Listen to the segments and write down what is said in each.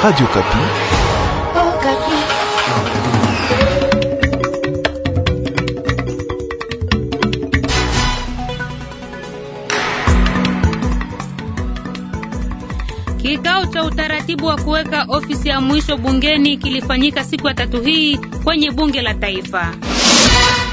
Radio Kapi. Oh, Kapi. Kikao cha utaratibu wa kuweka ofisi ya mwisho bungeni kilifanyika siku ya tatu hii kwenye bunge la taifa.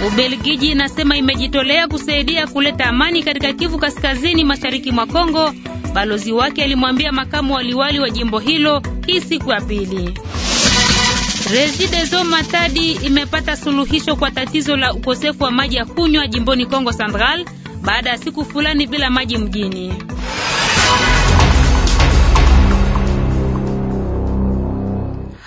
Ubelgiji inasema imejitolea kusaidia kuleta amani katika Kivu Kaskazini mashariki mwa Kongo Balozi wake alimwambia makamu waliwali wa jimbo hilo hii siku ya pili. Regideso Matadi imepata suluhisho kwa tatizo la ukosefu wa maji ya kunywa jimboni Kongo Central baada ya siku fulani bila maji mjini.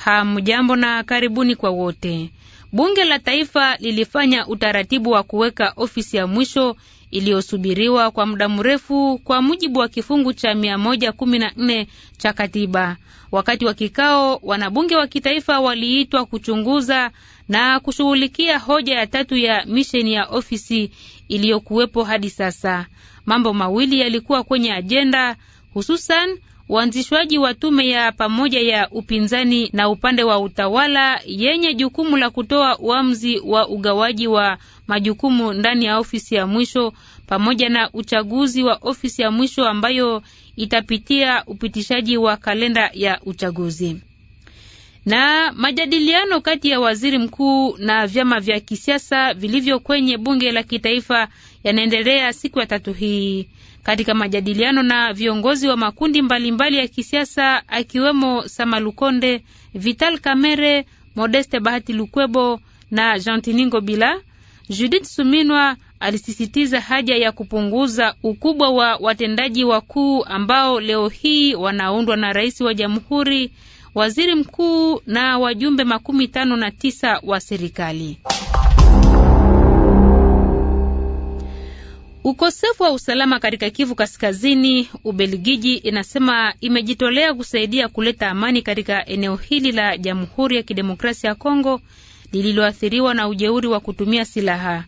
Hamjambo na karibuni kwa wote. Bunge la Taifa lilifanya utaratibu wa kuweka ofisi ya mwisho iliyosubiriwa kwa muda mrefu kwa mujibu wa kifungu cha 114 cha katiba. Wakati wa kikao, wanabunge wa kitaifa waliitwa kuchunguza na kushughulikia hoja ya tatu ya misheni ya ofisi iliyokuwepo hadi sasa. Mambo mawili yalikuwa kwenye ajenda hususan uanzishwaji wa tume ya pamoja ya upinzani na upande wa utawala yenye jukumu la kutoa uamuzi wa ugawaji wa majukumu ndani ya ofisi ya mwisho pamoja na uchaguzi wa ofisi ya mwisho ambayo itapitia upitishaji wa kalenda ya uchaguzi. Na majadiliano kati ya waziri mkuu na vyama vya kisiasa vilivyo kwenye bunge la kitaifa yanaendelea siku ya tatu hii katika majadiliano na viongozi wa makundi mbalimbali mbali ya kisiasa akiwemo Samalukonde, Vital Kamere, Modeste Bahati Lukwebo na Jantiningo Bila. Judith Suminwa alisisitiza haja ya kupunguza ukubwa wa watendaji wakuu ambao leo hii wanaundwa na rais wa jamhuri, waziri mkuu na wajumbe makumi tano na tisa wa serikali. Ukosefu wa usalama katika Kivu Kaskazini, Ubelgiji inasema imejitolea kusaidia kuleta amani katika eneo hili la Jamhuri ya Kidemokrasia ya Kongo lililoathiriwa na ujeuri wa kutumia silaha.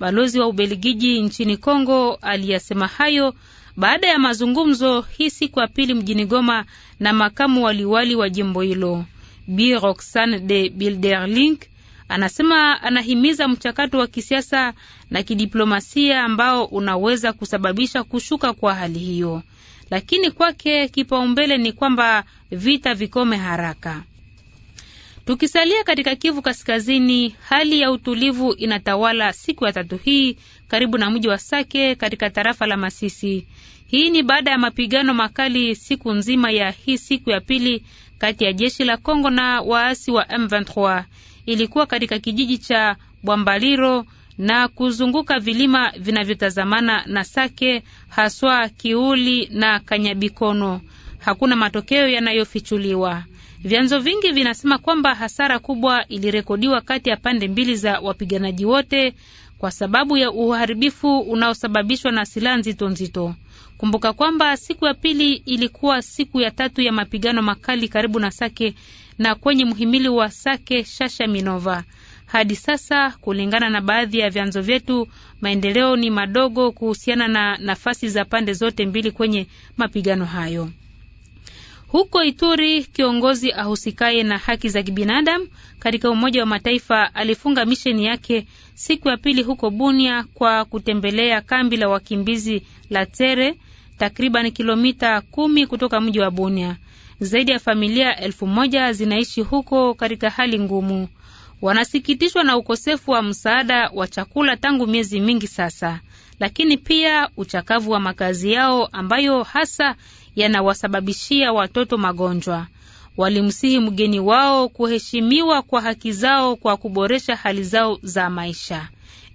Balozi wa Ubelgiji nchini Kongo aliyasema hayo baada ya mazungumzo hii siku ya pili mjini Goma na makamu waliwali wa jimbo hilo Bi Roxane de Bilderlink Anasema anahimiza mchakato wa kisiasa na kidiplomasia ambao unaweza kusababisha kushuka kwa hali hiyo, lakini kwake kipaumbele ni kwamba vita vikome haraka. Tukisalia katika Kivu Kaskazini, hali ya utulivu inatawala siku ya tatu hii karibu na mji wa Sake katika tarafa la Masisi. Hii ni baada ya mapigano makali siku nzima ya hii siku ya pili kati ya jeshi la Kongo na waasi wa M23 ilikuwa katika kijiji cha Bwambaliro na kuzunguka vilima vinavyotazamana na Sake, haswa Kiuli na Kanyabikono. Hakuna matokeo yanayofichuliwa. Vyanzo vingi vinasema kwamba hasara kubwa ilirekodiwa kati ya pande mbili za wapiganaji wote kwa sababu ya uharibifu unaosababishwa na silaha nzito nzito. Kumbuka kwamba siku ya pili ilikuwa siku ya tatu ya mapigano makali karibu na Sake na kwenye mhimili wa Sake Shasha Minova. Hadi sasa, kulingana na baadhi ya vyanzo vyetu, maendeleo ni madogo kuhusiana na nafasi za pande zote mbili kwenye mapigano hayo. Huko Ituri, kiongozi ahusikaye na haki za kibinadamu katika Umoja wa Mataifa alifunga misheni yake siku ya pili huko Bunia kwa kutembelea kambi la wakimbizi la Tere, takriban kilomita kumi kutoka mji wa Bunia. Zaidi ya familia elfu moja zinaishi huko katika hali ngumu. Wanasikitishwa na ukosefu wa msaada wa chakula tangu miezi mingi sasa, lakini pia uchakavu wa makazi yao ambayo hasa yanawasababishia watoto magonjwa. Walimsihi mgeni wao kuheshimiwa kwa haki zao kwa kuboresha hali zao za maisha.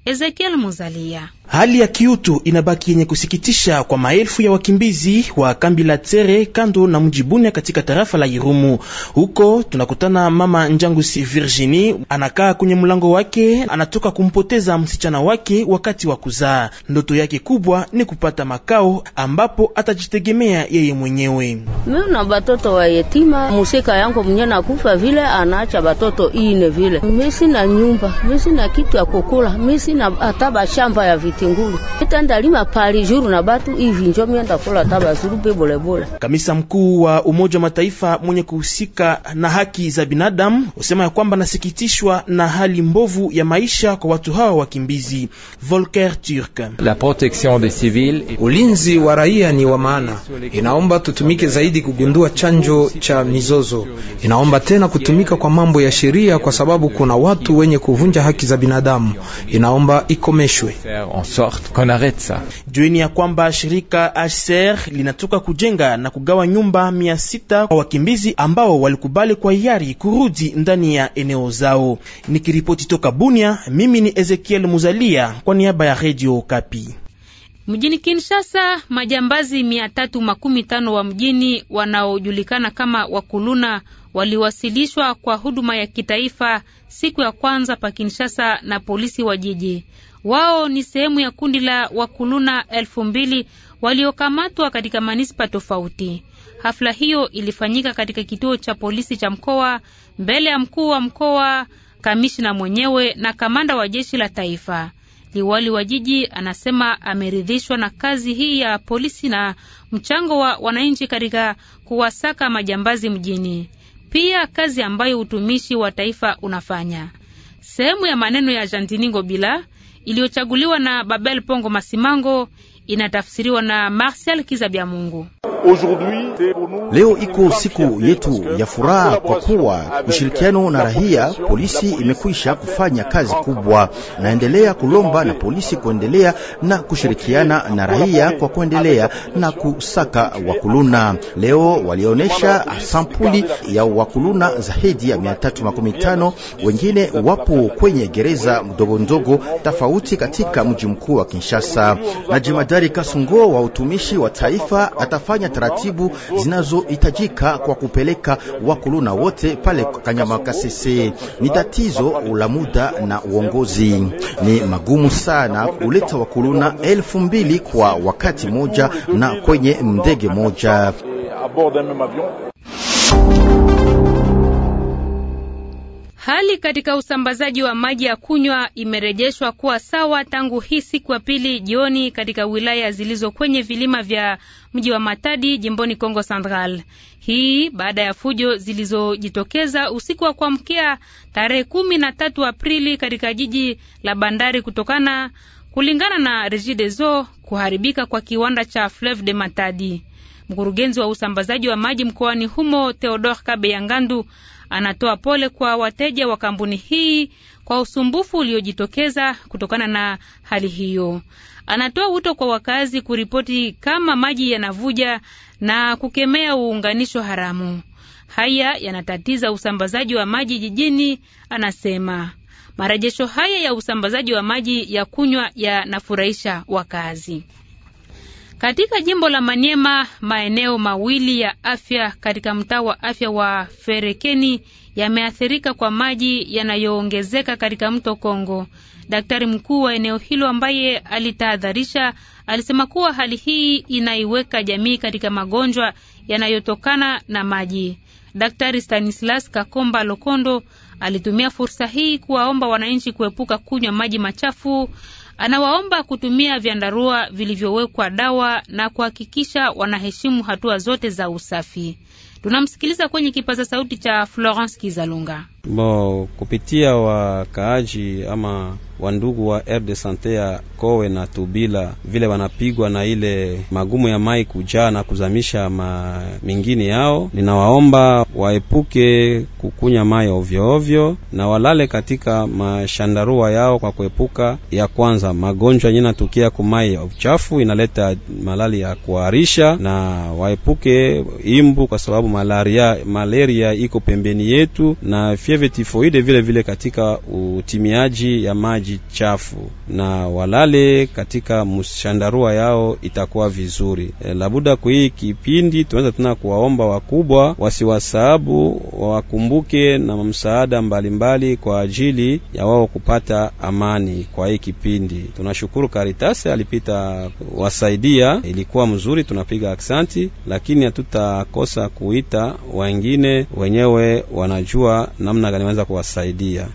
Ezekiel Muzalia Hali ya kiutu inabaki yenye kusikitisha kwa maelfu ya wakimbizi wa kambi la Tsere kando na mji Bunia katika tarafa la Irumu. Huko tunakutana mama Njangusi Virginie, anakaa kwenye mlango wake, anatoka kumpoteza msichana wake wakati wa kuzaa. Ndoto yake kubwa ni kupata makao ambapo atajitegemea yeye mwenyewe. Mimi na batoto wa yetima, musika yangu mwenye nakufa vile, anaacha batoto ine vile. Mimi sina nyumba, mimi sina kitu ya kukula, mimi sina hata bashamba ya vita tengulu itandalima pali juru na batu hivi njo mienda kula tabazuru pe bole. Kamisa mkuu wa Umoja wa Mataifa mwenye kuhusika na haki za binadamu usema ya kwamba nasikitishwa na hali mbovu ya maisha kwa watu hawa wakimbizi. Volker Turk: La protection des civils, ulinzi wa raia ni wa maana. Inaomba tutumike zaidi kugundua chanjo cha mizozo. Inaomba tena kutumika kwa mambo ya sheria, kwa sababu kuna watu wenye kuvunja haki za binadamu. Inaomba ikomeshwe sorte qu'on arrête ça. Jueni ya kwamba shirika HCR linatoka kujenga na kugawa nyumba mia sita kwa wakimbizi ambao walikubali kwa hiari kurudi ndani ya eneo zao. Nikiripoti toka Bunia, mimi ni Ezekiel Muzalia kwa niaba ya Radio Kapi. Mjini Kinshasa, majambazi mia tatu makumi tano wa mjini wanaojulikana kama wakuluna waliwasilishwa kwa huduma ya kitaifa siku ya kwanza pa Kinshasa na polisi wa jiji. Wao ni sehemu ya kundi la wakuluna elfu mbili waliokamatwa katika manispa tofauti. Hafla hiyo ilifanyika katika kituo cha polisi cha mkoa mbele ya mkuu wa mkoa, kamishna mwenyewe na kamanda wa jeshi la taifa. Liwali wa jiji anasema ameridhishwa na kazi hii ya polisi na mchango wa wananchi katika kuwasaka majambazi mjini pia kazi ambayo utumishi wa taifa unafanya. Sehemu ya maneno ya Jantiningo Bila iliyochaguliwa na Babel Pongo Masimango inatafsiriwa na Marcel Kizabiamungu. Leo iko siku yetu ya furaha kwa kuwa ushirikiano na rahia, polisi imekwisha kufanya kazi kubwa. Naendelea kulomba na polisi kuendelea na kushirikiana na rahia kwa kuendelea na kusaka wakuluna. Leo walionyesha sampuli ya wakuluna zaidi ya 315 wengine wapo kwenye gereza ndogo ndogo tofauti katika mji mkuu wa Kinshasa. Na jemadari Kasungo wa utumishi wa taifa atafanya kufanya taratibu zinazohitajika kwa kupeleka wakuluna wote pale Kanyama Kasese. Ni tatizo la muda na uongozi, ni magumu sana kuleta wakuluna elfu mbili kwa wakati moja na kwenye ndege moja. Hali katika usambazaji wa maji ya kunywa imerejeshwa kuwa sawa tangu hii siku ya pili jioni katika wilaya zilizo kwenye vilima vya mji wa Matadi jimboni congo Central. Hii baada ya fujo zilizojitokeza usiku wa kuamkia tarehe kumi na tatu Aprili katika jiji la bandari kutokana kulingana na Regideso kuharibika kwa kiwanda cha Fleuve de Matadi. Mkurugenzi wa usambazaji wa maji mkoani humo Theodore Kabeyangandu Anatoa pole kwa wateja wa kampuni hii kwa usumbufu uliojitokeza kutokana na hali hiyo. Anatoa wito kwa wakazi kuripoti kama maji yanavuja na kukemea uunganisho haramu. Haya yanatatiza usambazaji wa maji jijini, anasema. Marejesho haya ya usambazaji wa maji ya kunywa yanafurahisha wakazi. Katika jimbo la manyema maeneo mawili ya afya katika mtaa wa afya wa Ferekeni yameathirika kwa maji yanayoongezeka katika mto Kongo. Daktari mkuu wa eneo hilo ambaye alitahadharisha alisema kuwa hali hii inaiweka jamii katika magonjwa yanayotokana na maji. Daktari Stanislas Kakomba Lokondo alitumia fursa hii kuwaomba wananchi kuepuka kunywa maji machafu Anawaomba kutumia vyandarua vilivyowekwa dawa na kuhakikisha wanaheshimu hatua zote za usafi. Tunamsikiliza kwenye kipaza sauti cha Florence Kizalunga. Bo kupitia wakaaji ama wandugu wa de sante ya Kowe na Tubila, vile wanapigwa na ile magumu ya mai kujaa na kuzamisha ma mingine yao, ninawaomba waepuke kukunya mai ovyoovyo ovyo, na walale katika mashandarua yao kwa kuepuka ya kwanza magonjwa yenye natukia mai ya uchafu inaleta malali ya kuharisha, na waepuke imbu kwa sababu malaria, malaria iko pembeni yetu na fieve tifoide, vile vile katika utimiaji ya maji chafu, na walale katika mshandarua yao itakuwa vizuri. E, labuda kwa hii kipindi tunaweza tena kuwaomba wakubwa wasiwasahabu, wakumbuke na msaada mbalimbali kwa ajili ya wao kupata amani kwa hii kipindi. Tunashukuru karitasi alipita wasaidia, ilikuwa mzuri, tunapiga aksanti, lakini hatutakosa kuita wengine, wenyewe wanajua namna namna gani wanaweza kuwasaidia.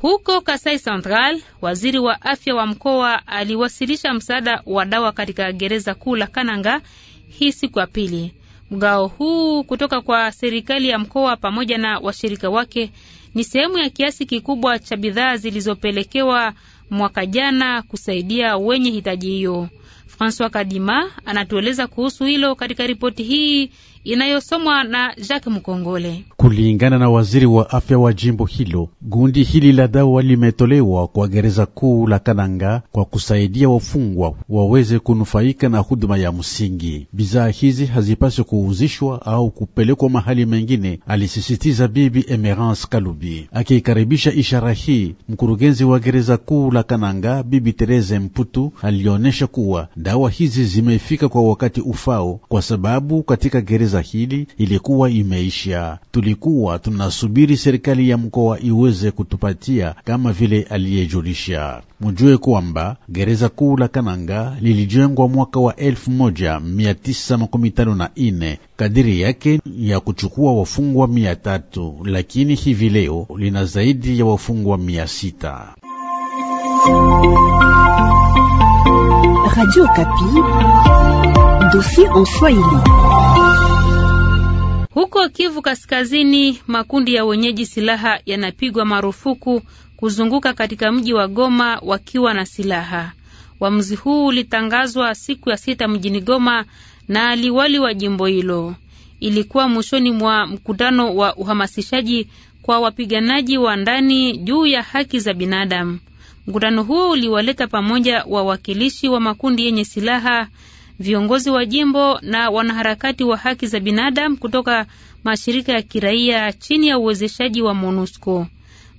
Huko Kasai Central, waziri wa afya wa mkoa aliwasilisha msaada wa dawa katika gereza kuu la Kananga hii siku ya pili. Mgao huu kutoka kwa serikali ya mkoa pamoja na washirika wake ni sehemu ya kiasi kikubwa cha bidhaa zilizopelekewa mwaka jana kusaidia wenye hitaji hiyo. Francois Kadima anatueleza kuhusu hilo katika ripoti hii inayosomwa na Jacques Mkongole. Kulingana na waziri wa afya wa jimbo hilo, gundi hili la dawa limetolewa kwa gereza kuu la Kananga kwa kusaidia wafungwa waweze kunufaika na huduma ya msingi. Bidhaa hizi hazipaswi kuuzishwa au kupelekwa mahali mengine, alisisitiza Bibi Emerance Kalubi. Akiikaribisha ishara hii, mkurugenzi wa gereza kuu la Kananga Bibi Therese Mputu alionyesha kuwa dawa hizi zimefika kwa wakati ufao, kwa sababu katika gereza hili ilikuwa imeisha. Tulikuwa tunasubiri serikali ya mkoa iweze kutupatia kama vile aliyejulisha. Mujue kwamba gereza kuu la Kananga lilijengwa mwaka wa 1954 kadiri yake ya kuchukua wafungwa mia tatu lakini hivi leo lina zaidi ya wafungwa mia Radio Kapi, dosi en Swahili. Huko Kivu Kaskazini, makundi ya wenyeji silaha yanapigwa marufuku kuzunguka katika mji wa Goma wakiwa na silaha. Uamuzi huu ulitangazwa siku ya sita mjini Goma na liwali wa jimbo hilo. Ilikuwa mwishoni mwa mkutano wa uhamasishaji kwa wapiganaji wa ndani juu ya haki za binadamu. Mkutano huo uliwaleta pamoja wawakilishi wa makundi yenye silaha, viongozi wa jimbo na wanaharakati wa haki za binadamu kutoka mashirika ya kiraia chini ya uwezeshaji wa MONUSCO.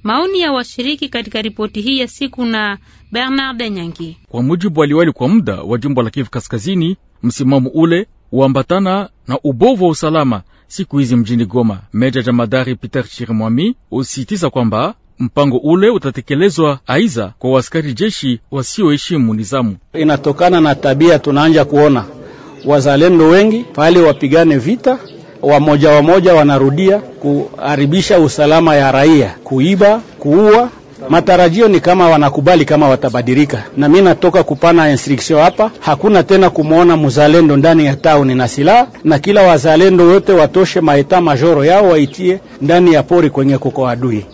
Maoni ya washiriki katika ripoti hii ya siku na Bernard Nyangi. Kwa mujibu waliwali kwa muda wa jimbo la Kivu Kaskazini, msimamo ule huambatana na ubovu wa usalama siku hizi mjini Goma. Meja jamadari Peter Chirimwami husitiza kwamba mpango ule utatekelezwa aiza kwa waskari jeshi wasioheshimu nizamu. Inatokana na tabia, tunaanja kuona wazalendo wengi pale wapigane vita wamoja wamoja wanarudia kuharibisha usalama ya raia, kuiba, kuua. Matarajio ni kama wanakubali kama watabadilika, na mi natoka kupana instruction hapa, hakuna tena kumwona mzalendo ndani ya tauni na silaha, na kila wazalendo wote watoshe maeta majoro yao waitie ndani ya pori kwenye kuko adui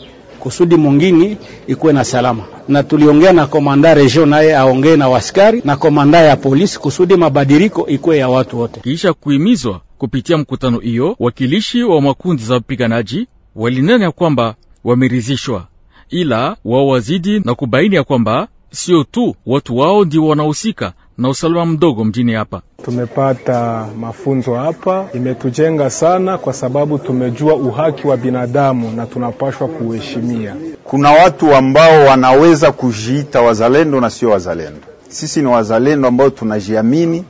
kusudi mungini ikuwe na salama. Na tuliongea na komanda region, naye aongee na waskari na komanda ya polisi kusudi mabadiriko ikuwe ya watu wote. Kisha kuhimizwa kupitia mkutano hiyo, wakilishi wa makundi za wapiganaji walinena kwamba wameridhishwa, ila wao wazidi na kubaini ya kwamba sio tu watu wao ndio wanahusika na usalama mdogo mjini hapa. Tumepata mafunzo hapa, imetujenga sana kwa sababu tumejua uhaki wa binadamu na tunapashwa kuheshimia. Kuna watu ambao wanaweza kujiita wazalendo na sio wazalendo. Sisi ni wazalendo ambao tunajiamini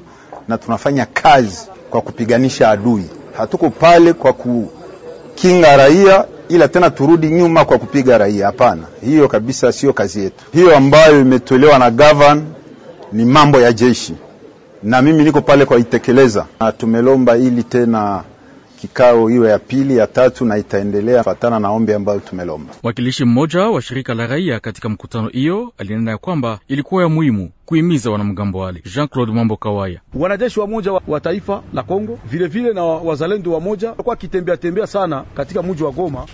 na tunafanya kazi kwa kupiganisha adui. Hatuko pale kwa kukinga raia ila tena turudi nyuma kwa kupiga raia. Hapana, hiyo kabisa sio kazi yetu, hiyo ambayo imetolewa na govern ni mambo ya jeshi na mimi niko pale kwa itekeleza, na tumelomba ili tena kikao iwe ya pili ya tatu na itaendelea fatana na ombi ambayo tumelomba. Mwakilishi mmoja wa shirika la raia katika mkutano hiyo alinena ya kwamba ilikuwa ya muhimu kuimiza wanamgambo wale. Jean-Claude Mambo Kawaya, wanajeshi wa moja wa taifa la Kongo vilevile na wazalendo wa moja walikuwa wakitembea tembea sana katika mji wa Goma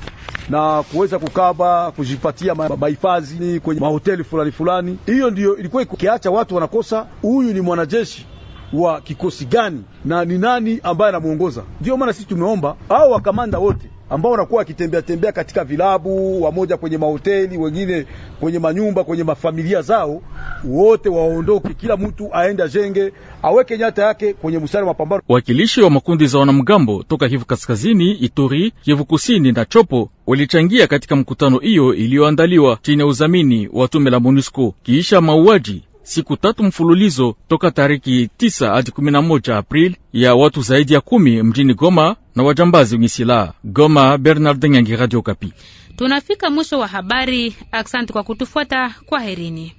na kuweza kukaba kujipatia mahifadhi kwenye mahoteli fulani fulani. Hiyo ndiyo ilikuwa ikiacha watu wanakosa, huyu ni mwanajeshi wa kikosi gani na ni nani ambaye anamuongoza. Ndio maana sisi tumeomba au wakamanda wote ambao wanakuwa wakitembea tembea katika vilabu, wamoja kwenye mahoteli, wengine kwenye manyumba, kwenye mafamilia zao, wote waondoke, kila mtu aende ajenge, aweke nyata yake kwenye mstari wa mapambano. Wakilishi wa makundi za wanamgambo toka Kivu Kaskazini, Ituri, Kivu Kusini na Chopo walichangia katika mkutano hiyo iliyoandaliwa chini ya uzamini wa tume la MONUSCO kiisha mauaji siku tatu mfululizo toka tariki 9 hadi 11 Aprili ya watu zaidi ya kumi mjini Goma na wajambazi wenye silaha Goma. Bernard Nyangi, Radio Kapi. Tunafika mwisho wa habari. Asante kwa kutufuata, herini.